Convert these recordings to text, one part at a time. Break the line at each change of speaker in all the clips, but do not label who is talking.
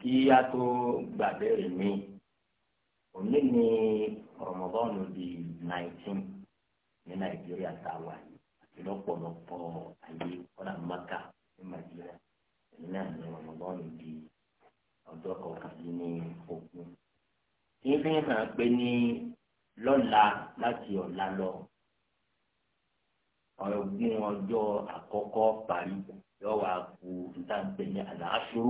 kí a tó gbàbẹ́rẹ̀ mi òní ni rọmọbọ́ọ̀nù di nineteen ní nàìjíríà tá a wà àti lọ́pọ̀lọpọ̀ ayé kọ́nà maka ní nàìjíríà èyí náà ni rọmọbọ́ọ̀nù di ọjọ́ kọkànlélógún. kí n fi hàn pé ní lọ́la láti ọ̀la lọ ọ̀gbìn ọjọ́ àkọ́kọ́ parí yọ wá kú ní àlàáfíà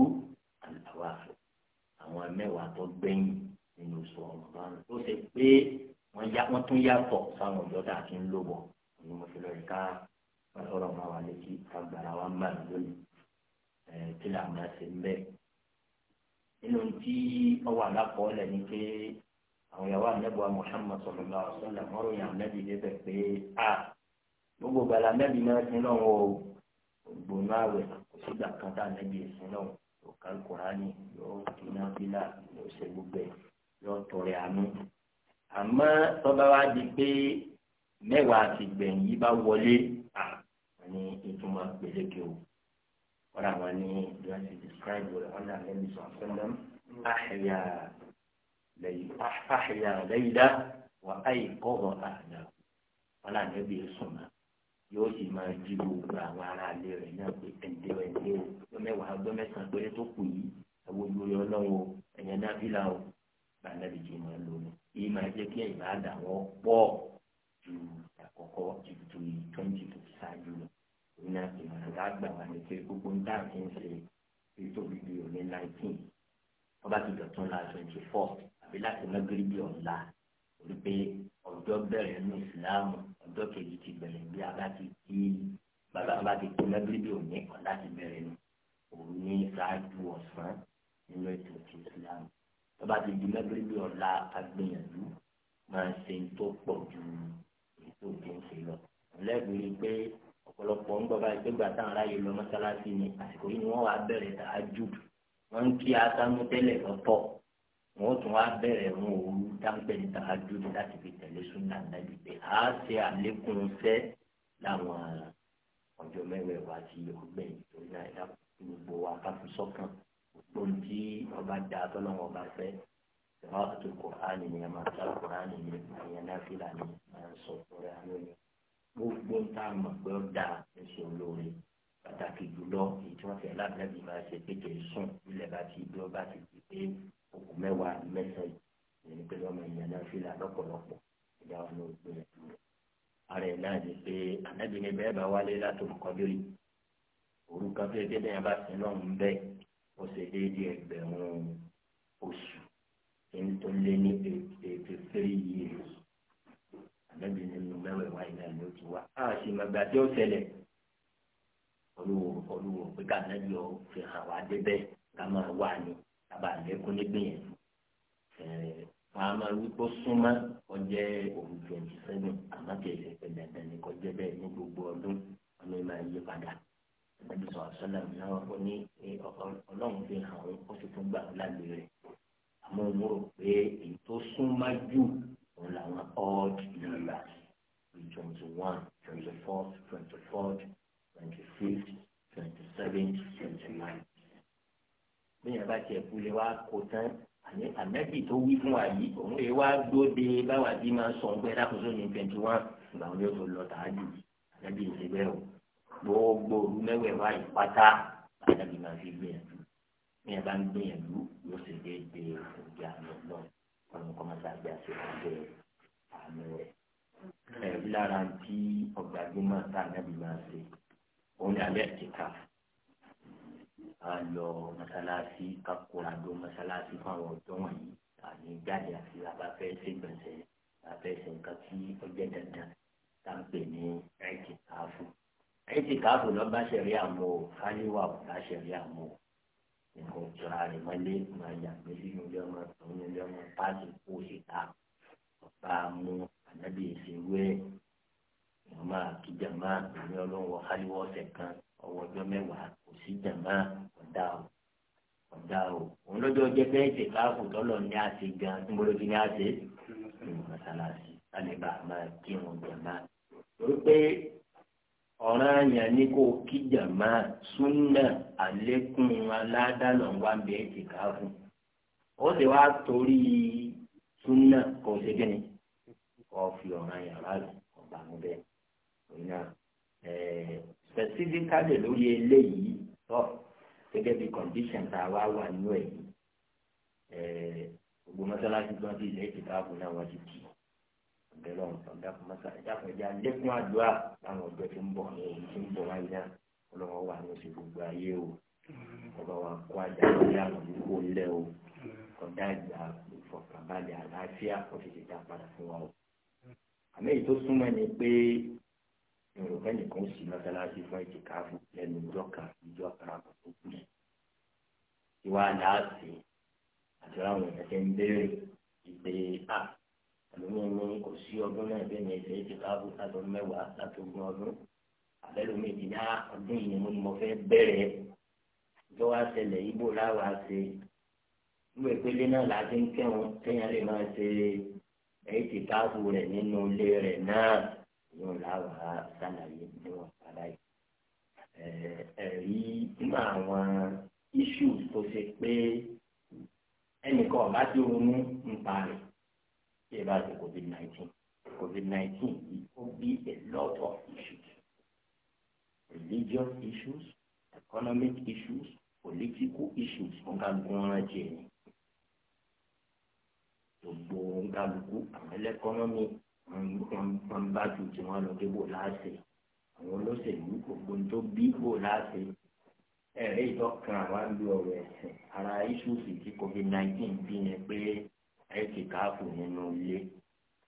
àwọn mẹ́wàá tó gbẹ̀yìn nínú oṣù Ramadan tó ṣe pé wọ́n tún yàtọ̀ sáwọn ọjọ́ tá a ti ń lò bọ̀ ní mo fi lọ́ọ́ ká ọ̀rọ̀ máa wà létí agbára wa máa ń lónìí kí là máa ṣe ń bẹ́ẹ̀. nínú tí ọwọ́ àlákọọ́lẹ̀ ni pé àwọn ìyàwó ànábìwá Muhammad sallallahu alaihi wasallam mọ́ròyìn ànábì débẹ̀ pé a gbogbo gbala ànábì náà sin lọ́wọ́ o gbòòrò àwẹ̀ kò sígbà kan tá ànábì sin lọ́wọ́ yóò ka alukurani yóò kíná bílà yóò ṣe gbogbo ẹ yóò tọrẹ àánú àmọ́ tọba wa di pé mẹ́wàá ti gbẹ̀yìn yìí bá wọlé à ní ìtumọ̀ gbèlékè o wọn àwọn ní wọn ti describe rẹ wọn náà lẹnu sọ àhìyà lẹ́yìn dá wà á yìí kọ́ ọ àdá wọn náà lẹbi sùn yóò sì máa jí gbogbo àwọn ará ilé rẹ̀ náà pé ẹ̀ǹdẹ́ ẹ̀ǹdẹ́ o ọjọ́ mẹ́wàá ọjọ́ mẹ́sàn-án péré tó kù yìí ẹ̀wọ́ olórí ọlọ́wọ́ ẹ̀yẹn náà bí la o bàtàbí jì máa lò ní. èyí máa jẹ́ kí ẹ̀yìn àdá wọn pọ̀ ju àkọ́kọ́ ìtò yìí twenty tó ṣáájú lọ. èyí náà fi hàn lágbà wà ní pé gbogbo ń dáhùn sí ń ṣe ètò bíbí òní nineteen ọba ti dọ̀tún la twenty four àbí láti mẹ́gírí wípé ọjọ́ bẹ̀rẹ̀ ní Islam, ọjọ́ kejì ti bẹ̀rẹ̀ bí a bá ti kí bàbá bá ti kó lẹ́gbẹ̀rẹ̀ òní kan láti bẹ̀rẹ̀ nù òun ní ṣáájú ọ̀sán nínú ètò ti ìsìláàmù bàbá ti di lẹ́gbẹ̀rẹ̀ ọ̀la agbìyànjú máa ṣe tó pọ̀ ju ètò tó ń ṣe lọ lẹ́gbẹ̀rẹ̀ pé ọ̀pọ̀lọpọ̀ ń gbọ́ báyìí pé gbàtà ń ráyè lọ mọ́sálásí ni àsìkò yìí ni wọ́n wá bẹ̀rẹ̀ wọ́n tún wá bẹ̀rẹ̀ mú òru dáńpẹ́ ní tàájú láti fi tẹ̀lé súnà nàbì pé a ṣe àlékún fẹ́ láwọn ọjọ́ mẹ́wẹ̀ẹ́ wá sí ọgbẹ́ ìtòlú náírà gbogbo wa káfí sọ́kàn gbogbo tí ọba dá tọ́lọ́wọ́ ọba fẹ́ ìwà àti kùránì ni a máa kùránì ni ìyẹn náà fi là ní máa ń sọ lórí àwọn ènìyàn gbogbo ń tá a mọ̀ pé ó dáa ń ṣe pàtàkì jùlọ èyí tí máa ṣe pé kì í sùn ilẹ̀ bá ti bí ó ti di bá wálé láti olùkọ́jọ́ yìí òru kan tó yẹ kéèyàn bá sin náà ń bẹ́ ó ṣe déédéé ẹgbẹ̀rún oṣù ẹni tó lé ní ètò three years ànábì nínú mẹ́wẹ̀ẹ́ wáyé náà ni ó ti wá a sì mọ̀ gbà tí ó ṣẹlẹ̀ olùwò olùwò pé ká ànábì ọ̀ fi hàn wá débẹ̀ ká máa wà ní abàlẹ́kùn nígbìyànjú wàá máa wí pé súnmọ́ kọjá òun twenty seven àmọ́ kẹsẹ̀ pé dandan ni kọjá bẹ́ẹ̀ ní gbogbo ọdún àmì máa yí padà ẹbí sọ àṣọlá náà ó ní ọlọ́run fi hàn ó ó sì tún gbà lágbè rẹ̀ àmọ́ mo rò pé èyí tó súnmọ́ jù òun làwọn odd numbers twenty one twenty four twenty four twenty six twenty seven twenty nine bí yẹn bá tiẹ̀ kú lé wá kó tán ànábì tó wí fún wa yìí òun lè wá dóde báwa bí máa sọ ọgbẹ lákòóso ní twenty one ìgbà wọn yóò tó lọ tààjù ànábì ń ṣe bẹ́ẹ̀ o gbogbo òru mẹ́wẹ̀ẹ́wá ìpátá ànábì máa fi gbìyànjú ní ẹ bá ń gbìyànjú yóò sì dé dé òkè àná náà ọ̀nà kọ́mọ́tà àgbẹ̀ àti ọ̀gbẹ́ àmì rẹ̀ ẹ̀rí lára tí ọgbàgbé máa ta ànábì máa ṣe òun ni alẹ́ ti ká fún ká lọ mọ́sálásí ká kóra dó mọ́sálásí fún àwọn ọjọ́ wọ̀nyí àní jáde àti abáfẹ́ ṣègbọ̀nsẹ̀ abẹ́sẹ̀ nǹkan tí ọjọ́ dandan tá ń pè ní ẹ̀ẹ́dì káfù ẹ̀ẹ́dì káfù lọ bá ṣẹ̀rí àmọ́ o káníwà ò bá ṣẹ̀rí àmọ́ o nǹkan ìtura rẹ̀ mọ́lé máa yàgbé sínú ilé ọmọ ìtọ́nú ilé ọmọ páàkì kó síta ọba mú ànábìyèsí wẹ́ẹ̀ ìmọ̀ àkíjàmá ìní ọlọ́wọ́ káníwọ́ ọ̀sẹ̀ kan ọwọ́ ọjọ́ mẹ́wàá kò sí jàmá ọ̀dà o ọ̀dà o òun lójú ọjọ́ pé ètè káàkù tọ́lọ̀ ní àṣẹ gan tí ní àṣẹ mọ́sálásí alẹ́bà máa jàmá torí pé ọ̀ràn àyàn kí jàmá súnà àlékún aládàlọ́ wá bí ètè káàkù ó sì wá torí súnà kò ṣe kí ni kò fi ọ̀ràn àyàn ọ̀bà ẹ̀ẹ́. specifically lórí eléyìí tọ́ gẹ́gẹ́ bí condition tá a wá wà nínú ẹ̀ yìí eh, gbogbo mọ́sálásí tó ń ti ilẹ̀ ìtìkáàbù náà wọ́n ti kì í ọ̀bẹ̀rẹ̀ ọ̀dà fún mọ́sálásí dákun ẹja lẹ́kùn àdúrà láwọn ọ̀dọ́ tí ń bọ̀ ní èyí tí ń bọ̀ wáyé náà ọlọ́wọ́ wà ní oṣù gbogbo ayé o ọba wa kó ajá lórí àwọn olùkó lẹ́ o ọ̀dà ìgbà ìfọ̀kànbalẹ̀ àlàáfíà kó sì ti dá padà fún wa o àmì èyí tó súnmọ́ ni pé yorùbá nìkan sì mọ́sálásí fún ìtìkáfù lẹ́nu ìjọ kan ìjọ kan àbọ̀ tó kù sí. ìwà láàsì àti àwọn èèyàn ti ń béèrè ìgbé à àlùmọ́ ní kò sí ọdún náà bẹ́ẹ̀ ni ẹ̀sẹ̀ ìtìkáfù látọ̀ mẹ́wàá látọ̀ ogún ọdún àbẹ́lómi ìdílá ọdún yìí ni mo fẹ́ bẹ̀rẹ̀ ìjọ wa ṣẹlẹ̀ ibo láwa ṣe ìwé ìpele náà láti ń kẹ́wọn téèyàn yóò láwà sàlàyé níwọ̀n sàlàyé. ẹ̀rí nínú àwọn iṣu tó ṣe pé ẹnìkan ọ̀bá tí ronú ń pa ṣé bá ṣe covid 19 covid 19 yìí ó bí a lot of issues religious issues economic issues political issues nǹkan gbọ́nra jẹ ni gbogbo nǹkan gbogbo àwọn ẹlẹ́kọ́nọ́mì wọn bá ju tí wọn lọ dé bò láàṣẹ àwọn olóṣèlú gbogbo tó bí bò láàṣẹ ẹ̀rẹ́ ìtọ́kàn àwa ń lo ọ̀rọ̀ ara ìṣúsì tí covid nineteen bí ni pé ẹ ti káàfù nínú ilé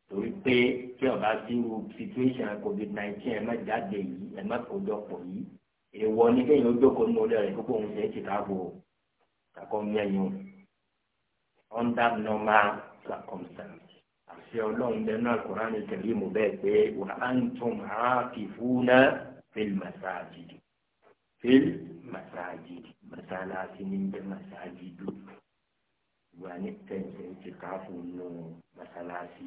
torí pé tí ọba sí irú situation covid nineteen ẹ má jáde yìí ẹ má kójọ pọ̀ yìí èèwọ̀ ni kéèyàn jókòó nínú ilé rẹ̀ gbogbo òun ṣe é ti káàfù o kàkọ́ mẹ́yìn under normal circumstances ṣe ọlọ́run lẹ́nu Al-Qur'an Al-Karim bẹ́ẹ̀ pé wa antum aakifuna fil masajid fil masajid masalasi ní jẹ́ masajidu ìwà ní tẹ̀sí ti káfù nù masalasi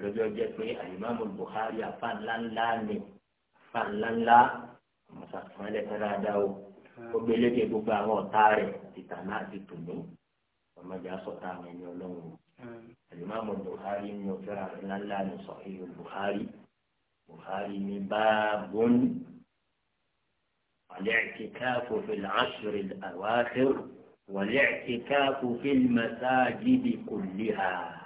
lọ́jọ́ jẹ́ pé alimami Bukhari afa ńláńlá ni afa ńláńlá masakuma lẹ́sẹ̀ ó gbélé ké gbogbo àwọn ọ̀tá rẹ̀ tìtànà àti tòní ọmọdé asọ̀tà àwọn ẹni ọlọ́run الإمام البخاري يوتر أن من صحيح البخاري بخاري باب الاعتكاف في العشر الأواخر والاعتكاف في المساجد كلها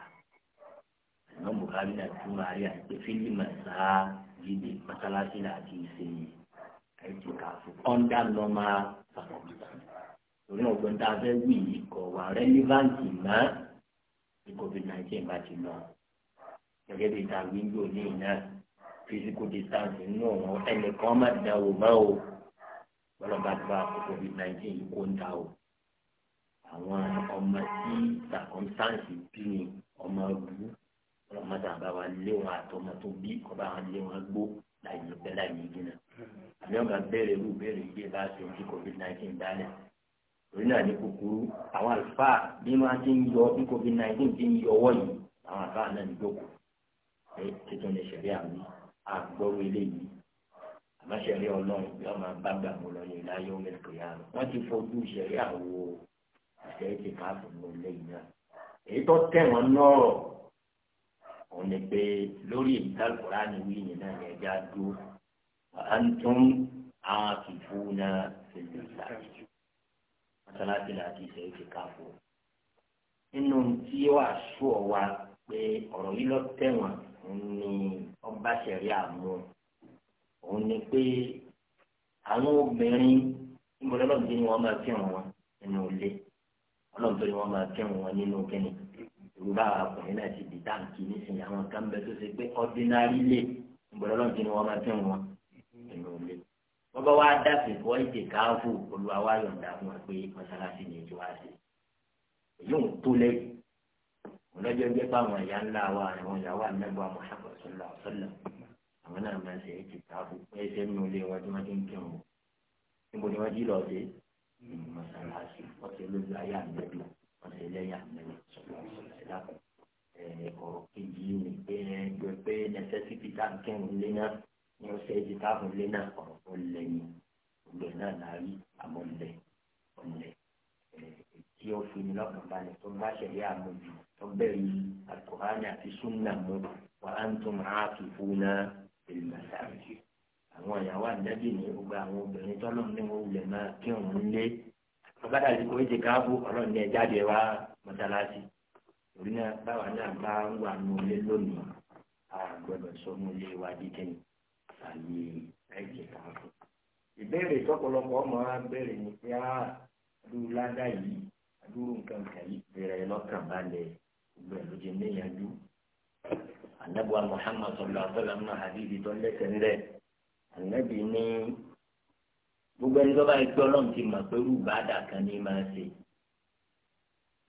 الإمام البخاري نتوما عليه في المساجد مثلا الأتيسي اعتكاف under normal circumstances. torí ọ̀gbọ́n tá a fẹ́ tí covid nineteen bá ti lọ gẹ́gẹ́ bí ta gbígbó ní iná physical distance nínú ọ̀hún ẹnìkan má dá o má o bọ́lọ́ba tó bá covid nineteen yìí kó ń ta o àwọn ọmọ tí circumstance bí ni ọmọ ọdún ọlọ́mọ tàbá wa lé wọn àtọmọ tó bí ọba wọn lé wọn gbó láì ní pẹ́ láì ní jìnnà àmì ọ̀gá bẹ̀rẹ̀ irú bẹ̀rẹ̀ yìí bá ṣe ní covid nineteen dálẹ̀ lórí náà ní kúkúrú àwọn àlùfáà bí wọ́n ti ń yọ bí covid nineteen ti ń yọ ọwọ́ yìí àwọn àlùfáà náà ń jókòó pé títún lè ṣẹlẹ̀ àmì àgbọrò eléyìí àmọ́ ṣẹlẹ̀ Ọlọ́run yóò máa bá gbà mọ lọ yìí láyé omi kìlá wọ́n ti fojú ṣẹlẹ̀ àwo ìṣẹ̀lẹ̀ ti káàfù lọ lẹ́yìn náà èyí tó tẹ̀wọ̀n náà òun ni pé lórí ìdálùkọ́lá ni wíyìn náà ni ẹja dúró àǹtún àwọn àkìfù náà fi lè ṣàkíyèsí mọ́sálásí láti ṣe é ti káfó. nínú tí ó àṣù ọ̀wá pé ọ̀rọ̀ yìí lọ tẹ̀wọ̀n ni ọba ṣẹ̀rí àmú òun ni pé àwọn obìnrin níbo lọ́lọ́run tó ní wọ́n máa kírun wọn nínú ilé ọlọ́run tó ní wọ́n máa kírun wọn nínú kínní yorùbá ọkùnrin náà ti di táǹkì nísìnyí àwọn kan bẹ tó ṣe pé ordinary lè níbo lọ́lọ́run tó ní wọ́n máa kírun wọn wọ́n bá wá dàsí kọ́ ètè káfù olùwà wá yọ̀ǹda fún wọn pé mọ́sálásí ni ètò wá sí èyí ò tó lẹ́yìn ọlọ́jọ́ jẹ́ báwọn ìyá ńlá wa àwọn ìyàwó àmẹ́gbọ́ àmọ́sàkọ̀ sọ́lá sọ́lá àwọn náà máa ń ṣe ètè káfù pé ṣé nínú ilé wọn tí wọ́n ti ń kírun níbo ni wọ́n jí lọ sí mọ́sálásí wọ́n ti lójú ayé àmẹ́gbọ́ wọ́n ti lẹ́yìn àmẹ́gbọ́ sọ́lá sọ́lá ọ̀rọ̀ kejì ni pé necessity tá a kírun lé náà ní ọ̀sẹ̀ èdè táàbùn lé náà ọ̀rọ̀ tó lẹ̀ ní gbogbo náà náà rí àmọ́ lẹ̀ ọ̀lẹ̀ tí ó fi ní lọ́kàn balẹ̀ tó bá ṣẹlẹ̀ àmójú tó bẹ̀rẹ̀ alukóhánì àti súnà mú wà á ń tún máa fi fún náà èlò màsáàjì àwọn ìyàwó àdábì ní gbogbo àwọn obìnrin tọ́lọ́ ní wọn wulẹ̀ máa kí òun lé ọ̀gádà àti kòwé ti ọlọ́run ní ẹja àdìẹ wá mọ́tálásì torí náà báwa náà bá ń wà ní ilé lónìí àgbẹ̀bẹ̀ sọ́mú ilé wa dídẹ́yìn àyè ẹ̀jẹ̀ kan fún. ìbéèrè tọ́pọ̀lọpọ̀ ọmọ wa bẹ̀rẹ̀ ní pé á dúró ládà yìí àdúró nǹkan kan yìí bẹ̀rẹ̀ lọ́kàn balẹ̀ gbogbo ẹ̀ ló jẹ́ níyànjú. anabuwa muhammad sọlá sọlá nínú àdìbì tó lẹ́sẹ̀ ńlẹ̀ anabi ní gbogbo ẹni tó bá gbé ọlọ́run ti mọ̀ pé rúbàdà kan ní máa ṣe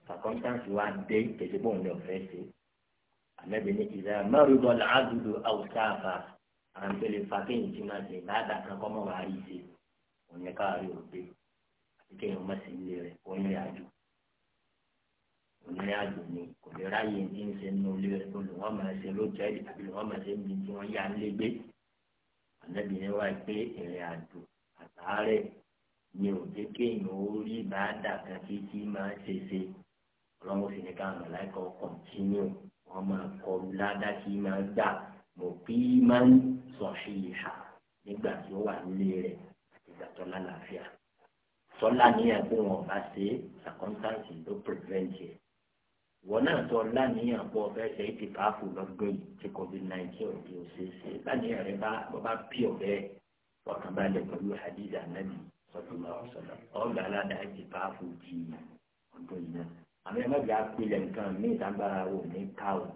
circumstance wa dé kẹsíbọ̀n ní ọ̀fẹ́ ṣe anabi ní ìlà márùbọ̀lá àdúdú àwùsáfà àǹtẹ̀lẹ̀ fàkẹ́yìn tí máa ṣe láàdá kan kọ́ mọ́ wàá rí i ṣe òun yẹ káàárí òde àti kéèyàn má sí ilé rẹ̀ kó rìnrìn àjò ònírìn àjò ni kò lè ráyè ní í ṣe nínú ilé rẹ̀ tó lè wọ́n máa ṣe lójẹ́ẹ̀lì àbí lè wọ́n máa ṣe níbi tí wọ́n yá ń lé gbé ànábì ni wáá pé ìrìn àjò àtàárẹ̀ ni òde kéèyàn ó rí láàdá kan kí tí máa ṣe ṣe ọlọ́run ní káwọn mọ̀láìkọ́ kọ̀ntínú wọ́n máa kọ muqiman sahiha nígbà tí ó wà nílé rẹ̀ ìgbà tó lálàáfíà tọ́lá ní ẹ̀gbọ́n wọn bá ṣe circumstance ló prevent yẹ wọn náà tọ́ láníyàn bọ́ fẹ́ ṣe é ti káàfù lọ́gbìn tí covid 19 ọ̀dẹ́ ò ṣe é ṣe láníyàn rẹ bá bá pì ọ̀bẹ ọkàn bá lẹ pẹ̀lú hadith anabi sọ́dúnmọ́ ọ̀sọ̀dọ̀ ọ̀gá aládàá ti káàfù ti ọdún yìí náà àmì ẹ̀ má bìí apilẹ̀ nǹkan mí ìdágbára wò ní káwọn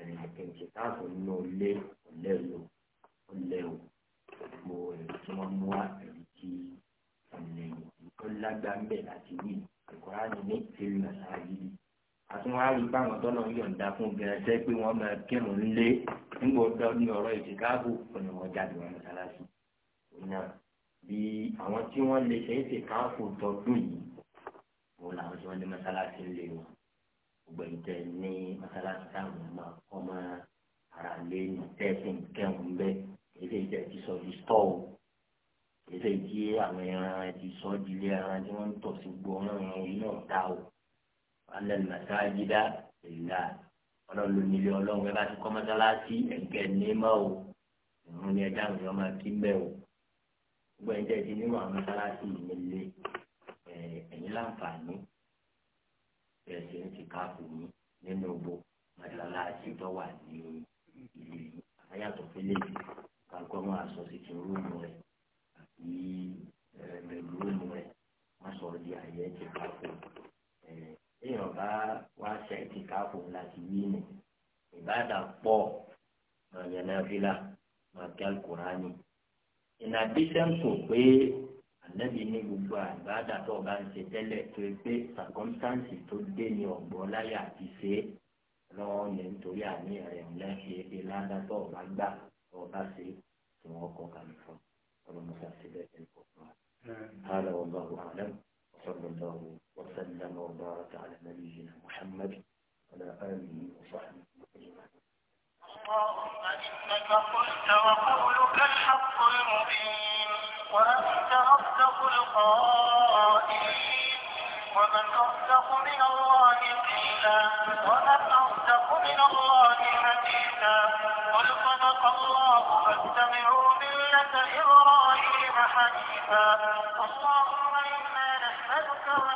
ẹ̀yìn àkẹ́ǹtì táàbù nínú ilé ọ̀lẹ́wò ọ̀lẹ́wò o ẹ̀rí tí wọ́n mú wá ẹ̀rí tí ọ̀lẹ́wò nǹkan lágbàmbẹ̀ láti wí ìkọ́ra ni ní ìlú màsáàjì àtúnwárí báwọn tọ́lọ̀ ń yọ̀ǹda fún gẹ̀ẹ́sẹ́ pé wọ́n máa kírun lé nígbà ọ̀dọ́ ní ọ̀rọ̀ ìtìkáàbù ọ̀nà wọn jáde wọn mọ́sálásí. ìyá bí àwọn tí wọ́n lè ṣe ìtìkáàbù tọdún yìí wọn làwọn tí wọ́n lé mọ́sálásí ń lé wọn gbẹ̀ǹtẹ̀ ní mọ́sálásí táwọn ọmọ ọmọ ara lé ní tẹ́sán kẹ́hún bẹ́ẹ̀ èdè ìjẹ́ ti sọ di stọ́ o èdè ìjẹ́ àwọn ẹran ti sọ di ilé ẹran tí wọ́n ń tọ̀ sí gbọ́ ọ̀ràn iná ta o alẹ́ màsáájídá ìlà ọlọ́run nílé ọlọ́run ẹ bá ti kọ́ mọ́sálásí ẹ̀gẹ́ ní mọ́ o ìrún ni ẹja àwọn ọmọ kí ń o gbẹ̀ǹtẹ̀ ti nínú ẹsẹ̀ ń ti káàpù yín nínú gbogbo màdàlá àti ìtọ́wà ní ilé yìí ayàtọ̀ fẹ́lẹ́ yìí kàkọ́ máa sọ sìkìn rúùmù rẹ̀ àti ẹ̀ẹ́dẹ̀gbẹ̀ rúùmù rẹ̀ wọ́n sọ di àyè ti káàpù èèyàn bá wá ṣe ti káàpù láti yí ni ìbáàdà pọ̀ màyànnáfílà màkàlùkùránì in addition to pé ànábì ní gbogbo àgbàdà tó o bá ń ṣe tẹ́lẹ̀ tó o gbé circumstance tó gbé ní ọ̀gbọ́n láyà àti ṣe é lọ́wọ́ ní nítorí àníyàn rẹ̀ ńlẹ́ ṣe é ládàá tó o bá gbà tó o bá ṣe é tí wọ́n kọ́ kalẹ̀ fún ọlọ́mọṣẹ́. إنك قلت وقولك الحق المبين
وأنت أصدق
القائلين ومن أصدق من الله قيلا ومن أصدق من الله حديثا قل صدق الله فاتبعوا ملة إبراهيم حنيفا اللهم إنا نسالك ونسالك